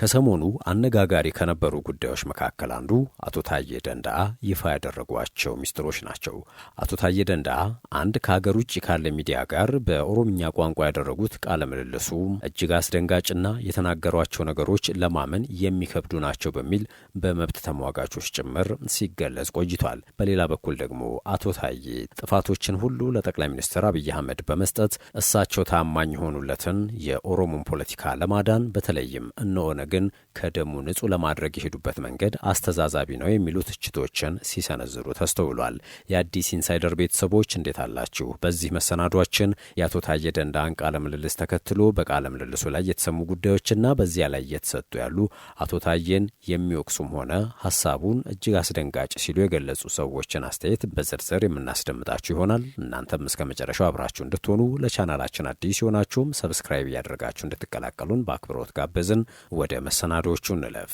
ከሰሞኑ አነጋጋሪ ከነበሩ ጉዳዮች መካከል አንዱ አቶ ታዬ ደንዳአ ይፋ ያደረጓቸው ሚስጥሮች ናቸው። አቶ ታዬ ደንዳአ አንድ ከሀገር ውጭ ካለ ሚዲያ ጋር በኦሮምኛ ቋንቋ ያደረጉት ቃለ ምልልሱ እጅግ አስደንጋጭና የተናገሯቸው ነገሮች ለማመን የሚከብዱ ናቸው በሚል በመብት ተሟጋቾች ጭምር ሲገለጽ ቆይቷል። በሌላ በኩል ደግሞ አቶ ታዬ ጥፋቶችን ሁሉ ለጠቅላይ ሚኒስትር አብይ አህመድ በመስጠት እሳቸው ታማኝ የሆኑለትን የኦሮሞን ፖለቲካ ለማዳን በተለይም እነሆነ ግን ከደሙ ንጹህ ለማድረግ የሄዱበት መንገድ አስተዛዛቢ ነው የሚሉ ትችቶችን ሲሰነዝሩ ተስተውሏል። የአዲስ ኢንሳይደር ቤተሰቦች እንዴት አላችሁ? በዚህ መሰናዷችን የአቶ ታዬ ደንዳን ቃለ ምልልስ ተከትሎ በቃለ ምልልሱ ላይ የተሰሙ ጉዳዮችና በዚያ ላይ እየተሰጡ ያሉ አቶ ታዬን የሚወቅሱም ሆነ ሀሳቡን እጅግ አስደንጋጭ ሲሉ የገለጹ ሰዎችን አስተያየት በዝርዝር የምናስደምጣችሁ ይሆናል። እናንተም እስከ መጨረሻው አብራችሁ እንድትሆኑ ለቻናላችን አዲስ ሲሆናችሁም ሰብስክራይብ እያደረጋችሁ እንድትቀላቀሉን በአክብሮት ጋበዝን ወደ መሰናዶዎቹ እንለፍ።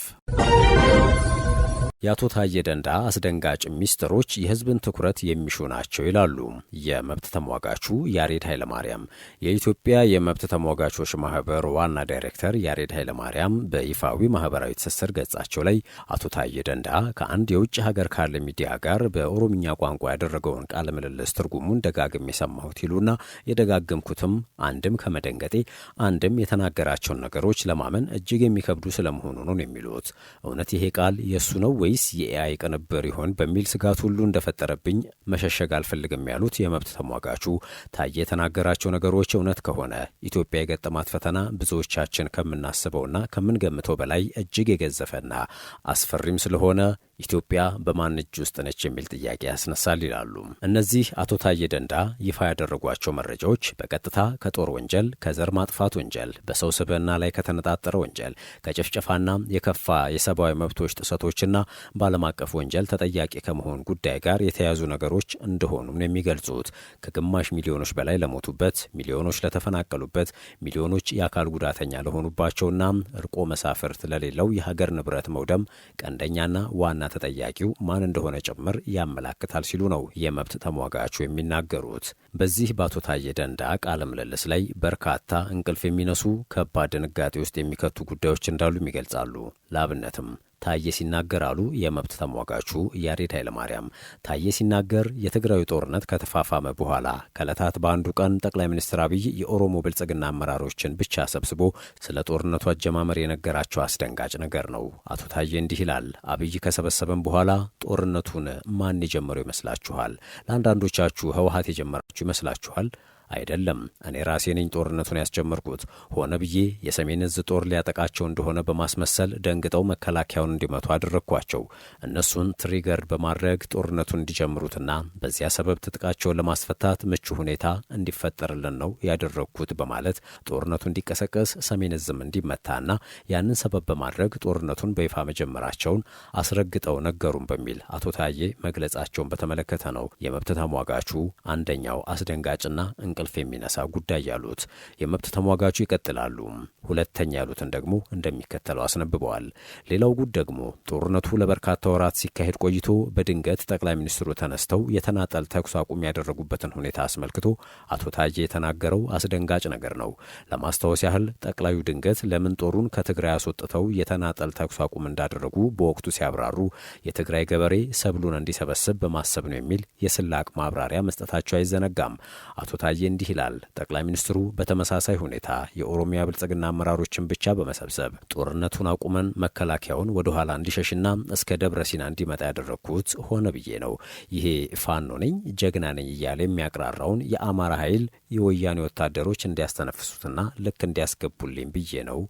የአቶ ታዬ ደንዳ አስደንጋጭ ሚስጥሮች የህዝብን ትኩረት የሚሹ ናቸው ይላሉ የመብት ተሟጋቹ ያሬድ ኃይለማርያም። የኢትዮጵያ የመብት ተሟጋቾች ማህበር ዋና ዳይሬክተር ያሬድ ኃይለማርያም በይፋዊ ማህበራዊ ትስስር ገጻቸው ላይ አቶ ታዬ ደንዳ ከአንድ የውጭ ሀገር ካለ ሚዲያ ጋር በኦሮምኛ ቋንቋ ያደረገውን ቃለ ምልልስ ትርጉሙን ደጋግም የሰማሁት ይሉና የደጋግምኩትም አንድም ከመደንገጤ አንድም የተናገራቸውን ነገሮች ለማመን እጅግ የሚከብዱ ስለመሆኑ ነው የሚሉት። እውነት ይሄ ቃል የእሱ ነው ወይ አዲስ የኤአይ ቅንብር ይሆን በሚል ስጋት ሁሉ እንደፈጠረብኝ መሸሸግ አልፈልግም ያሉት የመብት ተሟጋቹ ታዬ የተናገራቸው ነገሮች እውነት ከሆነ ኢትዮጵያ የገጠማት ፈተና ብዙዎቻችን ከምናስበውና ከምንገምተው በላይ እጅግ የገዘፈና አስፈሪም ስለሆነ ኢትዮጵያ በማን እጅ ውስጥ ነች የሚል ጥያቄ ያስነሳል ይላሉ። እነዚህ አቶ ታዬ ደንዳ ይፋ ያደረጓቸው መረጃዎች በቀጥታ ከጦር ወንጀል፣ ከዘር ማጥፋት ወንጀል፣ በሰው ስብዕና ላይ ከተነጣጠረ ወንጀል፣ ከጭፍጨፋና የከፋ የሰብአዊ መብቶች ጥሰቶችና በዓለም አቀፍ ወንጀል ተጠያቂ ከመሆን ጉዳይ ጋር የተያዙ ነገሮች እንደሆኑም ነው የሚገልጹት። ከግማሽ ሚሊዮኖች በላይ ለሞቱበት፣ ሚሊዮኖች ለተፈናቀሉበት፣ ሚሊዮኖች የአካል ጉዳተኛ ለሆኑባቸውና እርቆ መሳፍርት ለሌለው የሀገር ንብረት መውደም ቀንደኛና ዋና ተጠያቂው ማን እንደሆነ ጭምር ያመላክታል ሲሉ ነው የመብት ተሟጋቹ የሚናገሩት። በዚህ በአቶ ታዬ ደንዳ ቃለ ምልልስ ላይ በርካታ እንቅልፍ የሚነሱ ከባድ ድንጋጤ ውስጥ የሚከቱ ጉዳዮች እንዳሉም ይገልጻሉ። ለአብነትም ታየ ሲናገር አሉ የመብት ተሟጋቹ ያሬድ ኃይለማርያም። ታየ ሲናገር የትግራዩ ጦርነት ከተፋፋመ በኋላ ከእለታት በአንዱ ቀን ጠቅላይ ሚኒስትር አብይ የኦሮሞ ብልጽግና አመራሮችን ብቻ ሰብስቦ ስለ ጦርነቱ አጀማመር የነገራቸው አስደንጋጭ ነገር ነው። አቶ ታዬ እንዲህ ይላል። አብይ ከሰበሰበን በኋላ ጦርነቱን ማን የጀመረው ይመስላችኋል? ለአንዳንዶቻችሁ ህወሀት የጀመራችሁ ይመስላችኋል? አይደለም እኔ ራሴ ነኝ ጦርነቱን ያስጀመርኩት። ሆነ ብዬ የሰሜን እዝ ጦር ሊያጠቃቸው እንደሆነ በማስመሰል ደንግጠው መከላከያውን እንዲመቱ አደረግኳቸው። እነሱን ትሪገር በማድረግ ጦርነቱን እንዲጀምሩትና በዚያ ሰበብ ትጥቃቸውን ለማስፈታት ምቹ ሁኔታ እንዲፈጠርልን ነው ያደረግኩት በማለት ጦርነቱ እንዲቀሰቀስ ሰሜን እዝም እንዲመታና ያንን ሰበብ በማድረግ ጦርነቱን በይፋ መጀመራቸውን አስረግጠው ነገሩን በሚል አቶ ታዬ መግለጻቸውን በተመለከተ ነው የመብት ተሟጋቹ አንደኛው አስደንጋጭና ከእንቅልፍ የሚነሳ ጉዳይ ያሉት የመብት ተሟጋቹ ይቀጥላሉ። ሁለተኛ ያሉትን ደግሞ እንደሚከተለው አስነብበዋል። ሌላው ጉድ ደግሞ ጦርነቱ ለበርካታ ወራት ሲካሄድ ቆይቶ በድንገት ጠቅላይ ሚኒስትሩ ተነስተው የተናጠል ተኩስ አቁም ያደረጉበትን ሁኔታ አስመልክቶ አቶ ታዬ የተናገረው አስደንጋጭ ነገር ነው። ለማስታወስ ያህል ጠቅላዩ ድንገት ለምን ጦሩን ከትግራይ አስወጥተው የተናጠል ተኩስ አቁም እንዳደረጉ በወቅቱ ሲያብራሩ የትግራይ ገበሬ ሰብሉን እንዲሰበስብ በማሰብ ነው የሚል የስላቅ ማብራሪያ መስጠታቸው አይዘነጋም። አቶ ታዬ እንዲህ ይላል። ጠቅላይ ሚኒስትሩ በተመሳሳይ ሁኔታ የኦሮሚያ ብልጽግና አመራሮችን ብቻ በመሰብሰብ ጦርነቱን አቁመን መከላከያውን ወደ ኋላ እንዲሸሽና እስከ ደብረ ሲና እንዲመጣ ያደረግኩት ሆነ ብዬ ነው። ይሄ ፋኖ ነኝ ጀግና ነኝ እያለ የሚያቅራራውን የአማራ ኃይል የወያኔ ወታደሮች እንዲያስተነፍሱትና ልክ እንዲያስገቡልኝ ብዬ ነው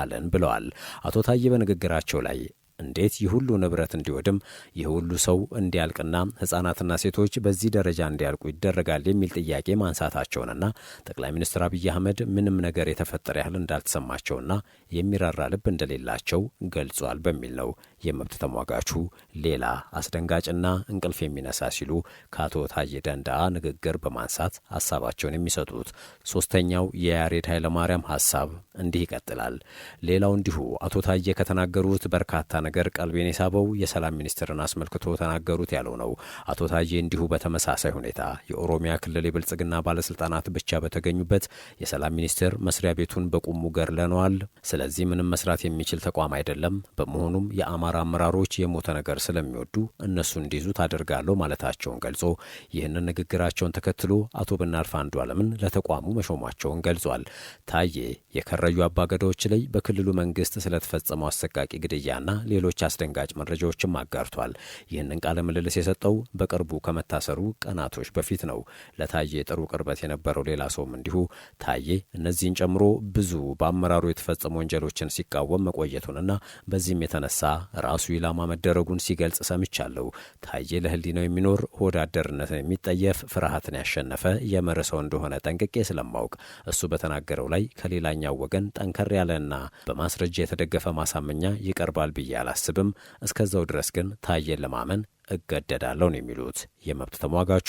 አለን ብለዋል። አቶ ታዬ በንግግራቸው ላይ እንዴት ይህ ሁሉ ንብረት እንዲወድም ይህ ሁሉ ሰው እንዲያልቅና ህጻናትና ሴቶች በዚህ ደረጃ እንዲያልቁ ይደረጋል የሚል ጥያቄ ማንሳታቸውንና ጠቅላይ ሚኒስትር አብይ አህመድ ምንም ነገር የተፈጠረ ያህል እንዳልተሰማቸውና የሚራራ ልብ እንደሌላቸው ገልጿል በሚል ነው የመብት ተሟጋቹ ሌላ አስደንጋጭና እንቅልፍ የሚነሳ ሲሉ ከአቶ ታዬ ደንዳ ንግግር በማንሳት ሀሳባቸውን የሚሰጡት ሶስተኛው የያሬድ ኃይለማርያም ሀሳብ እንዲህ ይቀጥላል። ሌላው እንዲሁ አቶ ታዬ ከተናገሩት በርካታ ነገር ቀልቤን የሳበው የሰላም ሚኒስትርን አስመልክቶ ተናገሩት ያለው ነው። አቶ ታዬ እንዲሁ በተመሳሳይ ሁኔታ የኦሮሚያ ክልል የብልጽግና ባለስልጣናት ብቻ በተገኙበት የሰላም ሚኒስቴር መስሪያ ቤቱን በቁሙ ገድለነዋል፣ ስለዚህ ምንም መስራት የሚችል ተቋም አይደለም፣ በመሆኑም የአማራ አመራሮች የሞተ ነገር ስለሚወዱ እነሱ እንዲይዙት አደርጋለሁ ማለታቸውን ገልጾ ይህንን ንግግራቸውን ተከትሎ አቶ ብናልፍ አለምን ለተቋሙ መሾሟቸውን ገልጿል። ታዬ የከረዩ አባገዳዎች ላይ በክልሉ መንግስት ስለተፈጸመው አሰቃቂ ግድያና ሌሎች አስደንጋጭ መረጃዎችም አጋርቷል። ይህንን ቃለ ምልልስ የሰጠው በቅርቡ ከመታሰሩ ቀናቶች በፊት ነው። ለታዬ ጥሩ ቅርበት የነበረው ሌላ ሰውም እንዲሁ ታዬ እነዚህን ጨምሮ ብዙ በአመራሩ የተፈጸሙ ወንጀሎችን ሲቃወም መቆየቱንና በዚህም የተነሳ ራሱ ኢላማ መደረጉን ሲገልጽ ሰምቻለሁ። ታዬ ነው የሚኖር ሆድ የሚጠየፍ ፍርሃትን ያሸነፈ የመርህ ሰው እንደሆነ ጠንቅቄ ስለማወቅ እሱ በተናገረው ላይ ከሌላኛው ወገን ጠንከር ያለና በማስረጃ የተደገፈ ማሳመኛ ይቀርባል ብዬ አላስብም። እስከዛው ድረስ ግን ታየን ለማመን እገደዳለሁ ነው የሚሉት የመብት ተሟጋቹ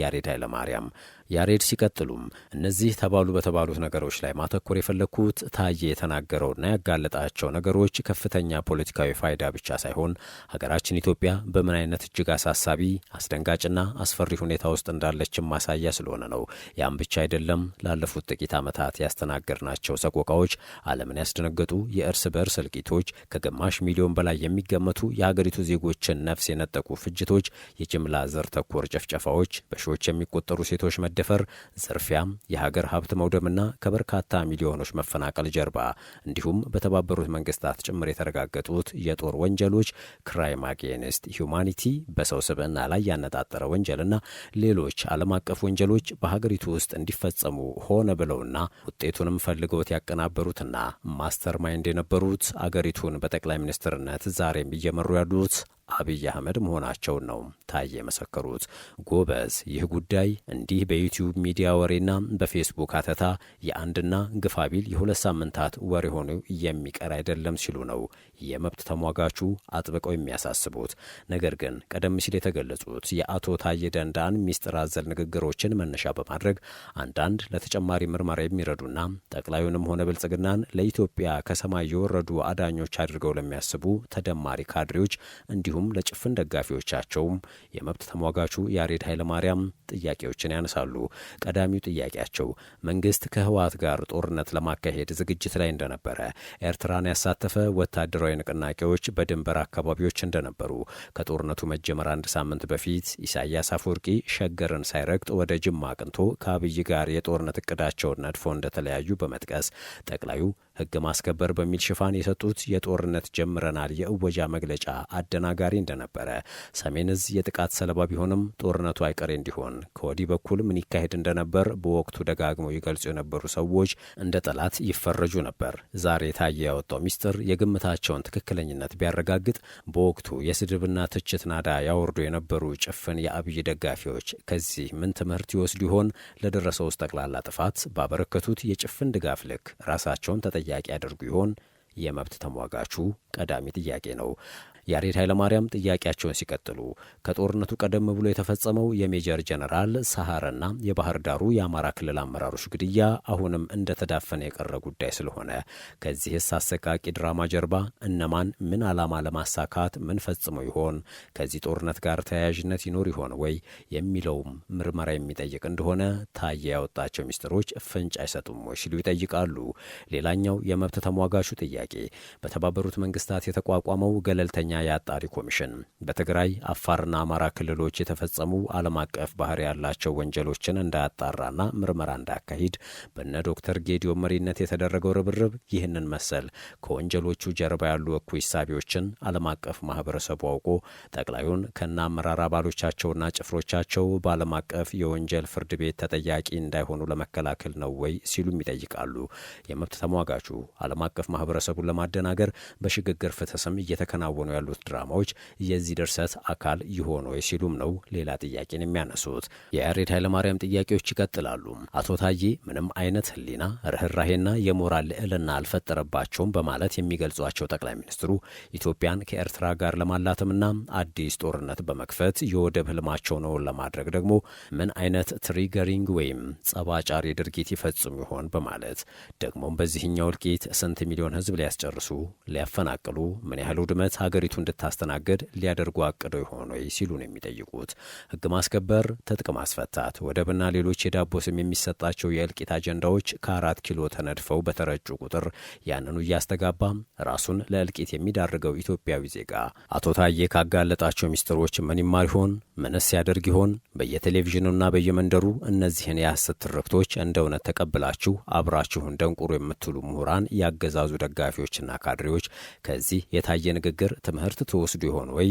ያሬድ ኃይለማርያም። ያሬድ ሲቀጥሉም እነዚህ ተባሉ በተባሉት ነገሮች ላይ ማተኮር የፈለግኩት ታዬ የተናገረውና ያጋለጣቸው ነገሮች ከፍተኛ ፖለቲካዊ ፋይዳ ብቻ ሳይሆን ሀገራችን ኢትዮጵያ በምን አይነት እጅግ አሳሳቢ አስደንጋጭና አስፈሪ ሁኔታ ውስጥ እንዳለችን ማሳያ ስለሆነ ነው። ያም ብቻ አይደለም። ላለፉት ጥቂት ዓመታት ያስተናገድናቸው ሰቆቃዎች፣ ዓለምን ያስደነገጡ የእርስ በእርስ እልቂቶች፣ ከግማሽ ሚሊዮን በላይ የሚገመቱ የሀገሪቱ ዜጎችን ነፍስ የነጠቁ ፍጅቶች፣ የጅምላ ዘር ተኮር ጨፍጨፋዎች፣ በሺዎች የሚቆጠሩ ሴቶች መደፈር፣ ዝርፊያም፣ የሀገር ሀብት መውደምና ከበርካታ ሚሊዮኖች መፈናቀል ጀርባ እንዲሁም በተባበሩት መንግስታት ጭምር የተረጋገጡት የጦር ወንጀሎች ክራይም አጌንስት ሁማኒቲ በሰው ስብዕና ላይ ያነጣጠረ ወንጀልና ሌሎች ዓለም አቀፍ ወንጀሎች በሀገሪቱ ውስጥ እንዲፈጸሙ ሆነ ብለውና ውጤቱንም ፈልገውት ያቀናበሩትና ማስተር ማይንድ የነበሩት አገሪቱን በጠቅላይ ሚኒስትርነት ዛሬም እየመሩ ያሉት አብይ አህመድ መሆናቸውን ነው ታዬ የመሰከሩት። ጎበዝ፣ ይህ ጉዳይ እንዲህ በዩቲዩብ ሚዲያ ወሬና በፌስቡክ አተታ የአንድና ግፋቢል የሁለት ሳምንታት ወሬ ሆኖ የሚቀር አይደለም ሲሉ ነው የመብት ተሟጋቹ አጥብቀው የሚያሳስቡት። ነገር ግን ቀደም ሲል የተገለጹት የአቶ ታዬ ደንዳን ሚስጥር አዘል ንግግሮችን መነሻ በማድረግ አንዳንድ ለተጨማሪ ምርመራ የሚረዱና ጠቅላዩንም ሆነ ብልጽግናን ለኢትዮጵያ ከሰማይ የወረዱ አዳኞች አድርገው ለሚያስቡ ተደማሪ ካድሬዎች እንዲሁ እንዲሁም ለጭፍን ደጋፊዎቻቸውም የመብት ተሟጋቹ ያሬድ ኃይለማርያም ጥያቄዎችን ያነሳሉ። ቀዳሚው ጥያቄያቸው መንግስት ከህወሓት ጋር ጦርነት ለማካሄድ ዝግጅት ላይ እንደነበረ፣ ኤርትራን ያሳተፈ ወታደራዊ ንቅናቄዎች በድንበር አካባቢዎች እንደነበሩ፣ ከጦርነቱ መጀመር አንድ ሳምንት በፊት ኢሳያስ አፈወርቂ ሸገርን ሳይረግጥ ወደ ጅማ አቅንቶ ከአብይ ጋር የጦርነት እቅዳቸውን ነድፎ እንደተለያዩ በመጥቀስ ጠቅላዩ ሕግ ማስከበር በሚል ሽፋን የሰጡት የጦርነት ጀምረናል የእወጃ መግለጫ አደናጋሪ እንደነበረ፣ ሰሜን እዝ የጥቃት ሰለባ ቢሆንም ጦርነቱ አይቀሬ እንዲሆን ከወዲህ በኩል ምን ይካሄድ እንደነበር በወቅቱ ደጋግመው ይገልጹ የነበሩ ሰዎች እንደ ጠላት ይፈረጁ ነበር። ዛሬ ታየ ያወጣው ሚስጥር የግምታቸውን ትክክለኝነት ቢያረጋግጥ በወቅቱ የስድብና ትችት ናዳ ያወርዱ የነበሩ ጭፍን የአብይ ደጋፊዎች ከዚህ ምን ትምህርት ይወስዱ ይሆን? ለደረሰውስ ጠቅላላ ጥፋት ባበረከቱት የጭፍን ድጋፍ ልክ ራሳቸውን ተጠ ተጠያቂ ያደርጉ ይሆን? የመብት ተሟጋቹ ቀዳሚ ጥያቄ ነው። ያሬድ ኃይለማርያም ጥያቄያቸውን ሲቀጥሉ ከጦርነቱ ቀደም ብሎ የተፈጸመው የሜጀር ጀነራል ሰሐርና የባህር ዳሩ የአማራ ክልል አመራሮች ግድያ አሁንም እንደተዳፈነ የቀረ ጉዳይ ስለሆነ ከዚህስ አሰቃቂ ድራማ ጀርባ እነማን ምን ዓላማ ለማሳካት ምን ፈጽመው ይሆን ከዚህ ጦርነት ጋር ተያያዥነት ይኖር ይሆን ወይ የሚለውም ምርመራ የሚጠይቅ እንደሆነ ታየ ያወጣቸው ሚስጥሮች ፍንጭ አይሰጡም ወይ ሲሉ ይጠይቃሉ። ሌላኛው የመብት ተሟጋቹ ጥያቄ በተባበሩት መንግስታት የተቋቋመው ገለልተኛ የአጣሪ ኮሚሽን በትግራይ አፋርና አማራ ክልሎች የተፈጸሙ ዓለም አቀፍ ባህር ያላቸው ወንጀሎችን እንዳያጣራና ምርመራ እንዳያካሂድ በነ ዶክተር ጌዲዮን መሪነት የተደረገው ርብርብ ይህንን መሰል ከወንጀሎቹ ጀርባ ያሉ እኩይ ሳቢዎችን ዓለም አቀፍ ማህበረሰቡ አውቆ ጠቅላዩን ከነ አመራር አባሎቻቸውና ጭፍሮቻቸው በዓለም አቀፍ የወንጀል ፍርድ ቤት ተጠያቂ እንዳይሆኑ ለመከላከል ነው ወይ ሲሉም ይጠይቃሉ። የመብት ተሟጋቹ ዓለም አቀፍ ማህበረሰቡን ለማደናገር በሽግግር ፍትህ ስም እየተከናወኑ ያሉ ያሉት ድራማዎች የዚህ ድርሰት አካል ይሆኑ ሲሉም ነው ሌላ ጥያቄን የሚያነሱት። የያሬድ ኃይለማርያም ጥያቄዎች ይቀጥላሉ። አቶ ታዬ ምንም አይነት ህሊና ርኅራሄና የሞራል ልዕልና አልፈጠረባቸውም በማለት የሚገልጿቸው ጠቅላይ ሚኒስትሩ ኢትዮጵያን ከኤርትራ ጋር ለማላተምና አዲስ ጦርነት በመክፈት የወደብ ህልማቸው ነው ለማድረግ ደግሞ ምን አይነት ትሪገሪንግ ወይም ጸባጫሪ ድርጊት ይፈጽሙ ይሆን በማለት ደግሞም በዚህኛው እልቂት ስንት ሚሊዮን ህዝብ ሊያስጨርሱ ሊያፈናቅሉ ምን ያህል ውድመት ሀገሪቱ እንድታስተናግድ ሊያደርጉ አቅደው የሆነ ሲሉ ነው የሚጠይቁት። ህግ ማስከበር፣ ትጥቅ ማስፈታት፣ ወደብና ሌሎች የዳቦ ስም የሚሰጣቸው የእልቂት አጀንዳዎች ከአራት ኪሎ ተነድፈው በተረጩ ቁጥር ያንኑ እያስተጋባ ራሱን ለእልቂት የሚዳርገው ኢትዮጵያዊ ዜጋ አቶ ታዬ ካጋለጣቸው ሚስጥሮች ምን ይማር ይሆን? ምንስ ያደርግ ይሆን? በየቴሌቪዥኑና በየመንደሩ እነዚህን የሐሰት ትርክቶች እንደ እውነት ተቀብላችሁ አብራችሁን ደንቁሩ የምትሉ ምሁራን፣ ያገዛዙ ደጋፊዎችና ካድሬዎች ከዚህ የታየ ንግግር ትምህርት ትወስዱ ይሆን ወይ?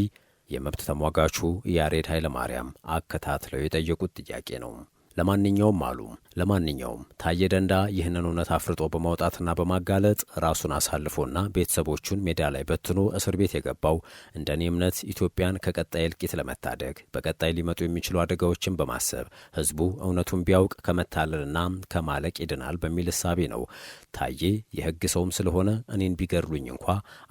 የመብት ተሟጋቹ ያሬድ ኃይለማርያም አከታትለው የጠየቁት ጥያቄ ነው። ለማንኛውም አሉ ለማንኛውም ታዬ ደንዳ ይህንን እውነት አፍርጦ በማውጣትና በማጋለጥ ራሱን አሳልፎና ቤተሰቦቹን ሜዳ ላይ በትኖ እስር ቤት የገባው እንደ እኔ እምነት ኢትዮጵያን ከቀጣይ እልቂት ለመታደግ በቀጣይ ሊመጡ የሚችሉ አደጋዎችን በማሰብ ህዝቡ እውነቱን ቢያውቅ ከመታለልና ከማለቅ ይድናል በሚል እሳቤ ነው። ታዬ የህግ ሰውም ስለሆነ እኔን ቢገድሉኝ እንኳ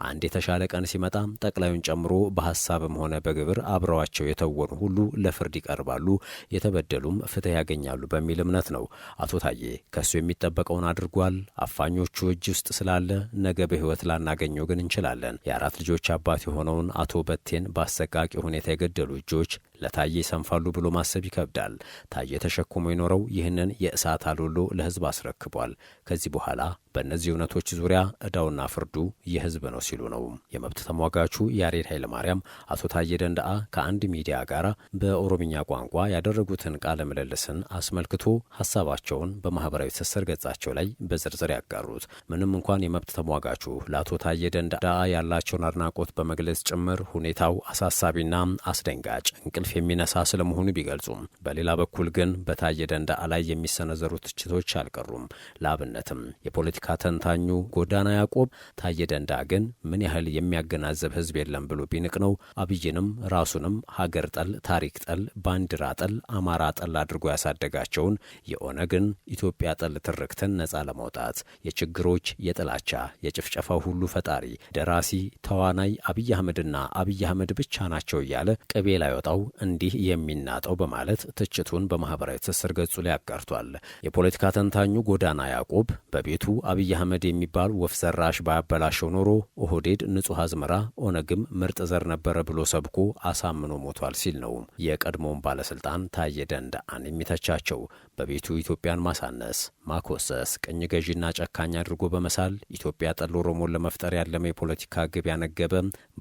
አንድ የተሻለ ቀን ሲመጣ ጠቅላዩን ጨምሮ በሀሳብም ሆነ በግብር አብረዋቸው የተወኑ ሁሉ ለፍርድ ይቀርባሉ፣ የተበደሉም ፍትህ ያገኛል ያገኛሉ በሚል እምነት ነው። አቶ ታዬ ከእሱ የሚጠበቀውን አድርጓል። አፋኞቹ እጅ ውስጥ ስላለ ነገ በህይወት ላናገኘው ግን እንችላለን። የአራት ልጆች አባት የሆነውን አቶ በቴን በአሰቃቂ ሁኔታ የገደሉ እጆች ለታዬ ይሰንፋሉ ብሎ ማሰብ ይከብዳል። ታዬ ተሸክሞ የኖረው ይህንን የእሳት አሎሎ ለህዝብ አስረክቧል። ከዚህ በኋላ በእነዚህ እውነቶች ዙሪያ እዳውና ፍርዱ የህዝብ ነው ሲሉ ነው የመብት ተሟጋቹ ያሬድ ኃይለማርያም አቶ ታዬ ደንዳአ ከአንድ ሚዲያ ጋር በኦሮምኛ ቋንቋ ያደረጉትን ቃለ ምልልስን አስመልክቶ ሀሳባቸውን በማህበራዊ ትስስር ገጻቸው ላይ በዝርዝር ያጋሩት ምንም እንኳን የመብት ተሟጋቹ ለአቶ ታዬ ደንዳአ ያላቸውን አድናቆት በመግለጽ ጭምር ሁኔታው አሳሳቢና አስደንጋጭ እንቅልፍ የሚነሳ ስለመሆኑ ቢገልጹም በሌላ በኩል ግን በታየ ደንዳ ላይ የሚሰነዘሩ ትችቶች አልቀሩም። ለአብነትም የፖለቲካ ተንታኙ ጎዳና ያዕቆብ ታየ ደንዳ ግን ምን ያህል የሚያገናዘብ ህዝብ የለም ብሎ ቢንቅ ነው አብይንም ራሱንም ሀገር ጠል፣ ታሪክ ጠል፣ ባንዲራ ጠል፣ አማራ ጠል አድርጎ ያሳደጋቸውን የኦነግን ኢትዮጵያ ጠል ትርክትን ነጻ ለማውጣት የችግሮች የጥላቻ የጭፍጨፋው ሁሉ ፈጣሪ ደራሲ ተዋናይ አብይ አህመድና አብይ አህመድ ብቻ ናቸው እያለ ቅቤ ላይወጣው እንዲህ የሚናጠው በማለት ትችቱን በማህበራዊ ትስስር ገጹ ላይ አጋርቷል። የፖለቲካ ተንታኙ ጎዳና ያዕቆብ በቤቱ አብይ አህመድ የሚባል ወፍ ዘራሽ ባያበላሸው ኖሮ ኦህዴድ ንጹህ አዝመራ ኦነግም ምርጥ ዘር ነበረ ብሎ ሰብኮ አሳምኖ ሞቷል ሲል ነው የቀድሞውን ባለስልጣን ታየ ደንደአን የሚተቻቸው። በቤቱ ኢትዮጵያን ማሳነስ ማኮሰስ ቅኝ ገዢና ጨካኝ አድርጎ በመሳል ኢትዮጵያ ጠል ኦሮሞን ለመፍጠር ያለመ የፖለቲካ ግብ ያነገበ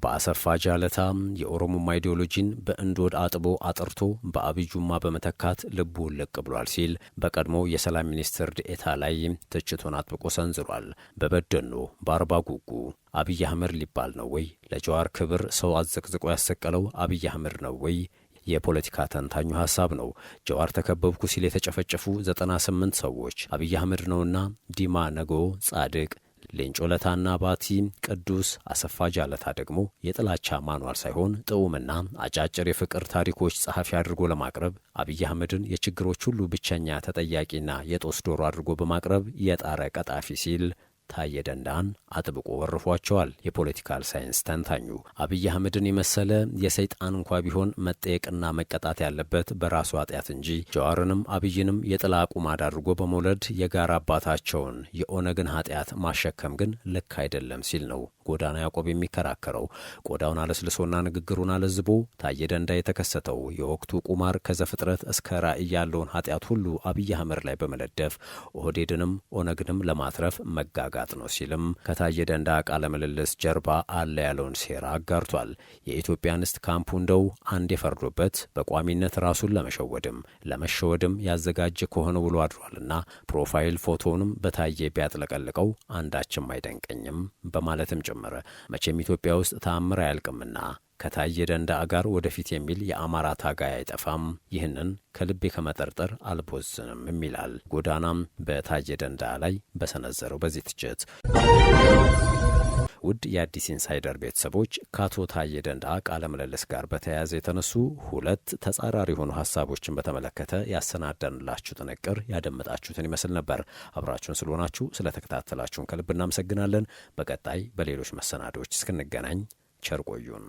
በአሰፋ ጃለታ የኦሮሞማ ኢዲዮሎጂን በእንዶድ አጥቦ አጥርቶ በአብጁማ በመተካት ልቡ ልቅ ብሏል ሲል በቀድሞ የሰላም ሚኒስትር ድኤታ ላይ ትችቱን አጥብቆ ሰንዝሯል። በበደኖ በአርባ ጉጉ አብይ አህመድ ሊባል ነው ወይ? ለጀዋር ክብር ሰው አዘቅዝቆ ያሰቀለው አብይ አህመድ ነው ወይ? የፖለቲካ ተንታኙ ሀሳብ ነው። ጀዋር ተከበብኩ ሲል የተጨፈጨፉ 98 ሰዎች አብይ አህመድ ነውና ዲማ ነጎ ጻድቅ ሌንጮ ለታና ባቲ ቅዱስ አሰፋ ጃለታ ደግሞ የጥላቻ ማኗል ሳይሆን ጥዑምና አጫጭር የፍቅር ታሪኮች ጸሐፊ አድርጎ ለማቅረብ አብይ አህመድን የችግሮች ሁሉ ብቸኛ ተጠያቂና የጦስ ዶሮ አድርጎ በማቅረብ የጣረ ቀጣፊ ሲል ታየ ደንዳን አጥብቆ ወርፏቸዋል። የፖለቲካል ሳይንስ ተንታኙ አብይ አህመድን የመሰለ የሰይጣን እንኳ ቢሆን መጠየቅና መቀጣት ያለበት በራሱ ኃጢአት እንጂ ጀዋርንም አብይንም የጥላ ቁማድ አድርጎ በመውለድ የጋራ አባታቸውን የኦነግን ኃጢአት ማሸከም ግን ልክ አይደለም ሲል ነው ጎዳና ያዕቆብ የሚከራከረው። ቆዳውን አለስልሶና ንግግሩን አለዝቦ ታየ ደንዳ የተከሰተው የወቅቱ ቁማር ከዘፍጥረት እስከ ራእይ ያለውን ኃጢአት ሁሉ አብይ አህመድ ላይ በመለደፍ ኦህዴድንም ኦነግንም ለማትረፍ መጋገ መዋጋት ነው ሲልም ከታየ ደንዳ ቃለ ምልልስ ጀርባ አለ ያለውን ሴራ አጋርቷል። የኢትዮጵያ አንስት ካምፑ እንደው አንድ የፈርዶበት በቋሚነት ራሱን ለመሸወድም ለመሸወድም ያዘጋጀ ከሆነ ውሎ አድሯልና ፕሮፋይል ፎቶውንም በታየ ቢያጥለቀልቀው አንዳችም አይደንቀኝም በማለትም ጭምር መቼም ኢትዮጵያ ውስጥ ተአምር አያልቅምና ከታየ ደንዳ ጋር ወደፊት የሚል የአማራ ታጋይ አይጠፋም። ይህንን ከልቤ ከመጠርጠር አልቦዝንም ይላል ጎዳናም በታየ ደንዳ ላይ በሰነዘረው በዚህ ትችት። ውድ የአዲስ ኢንሳይደር ቤተሰቦች ከአቶ ታየ ደንዳ ቃለ ምልልስ ጋር በተያያዘ የተነሱ ሁለት ተጻራሪ የሆኑ ሀሳቦችን በተመለከተ ያሰናዳንላችሁ ጥንቅር ያደመጣችሁትን ይመስል ነበር። አብራችሁን ስለሆናችሁ ስለተከታተላችሁን ከልብ እናመሰግናለን። በቀጣይ በሌሎች መሰናዶዎች እስክንገናኝ ቸር ቆዩን።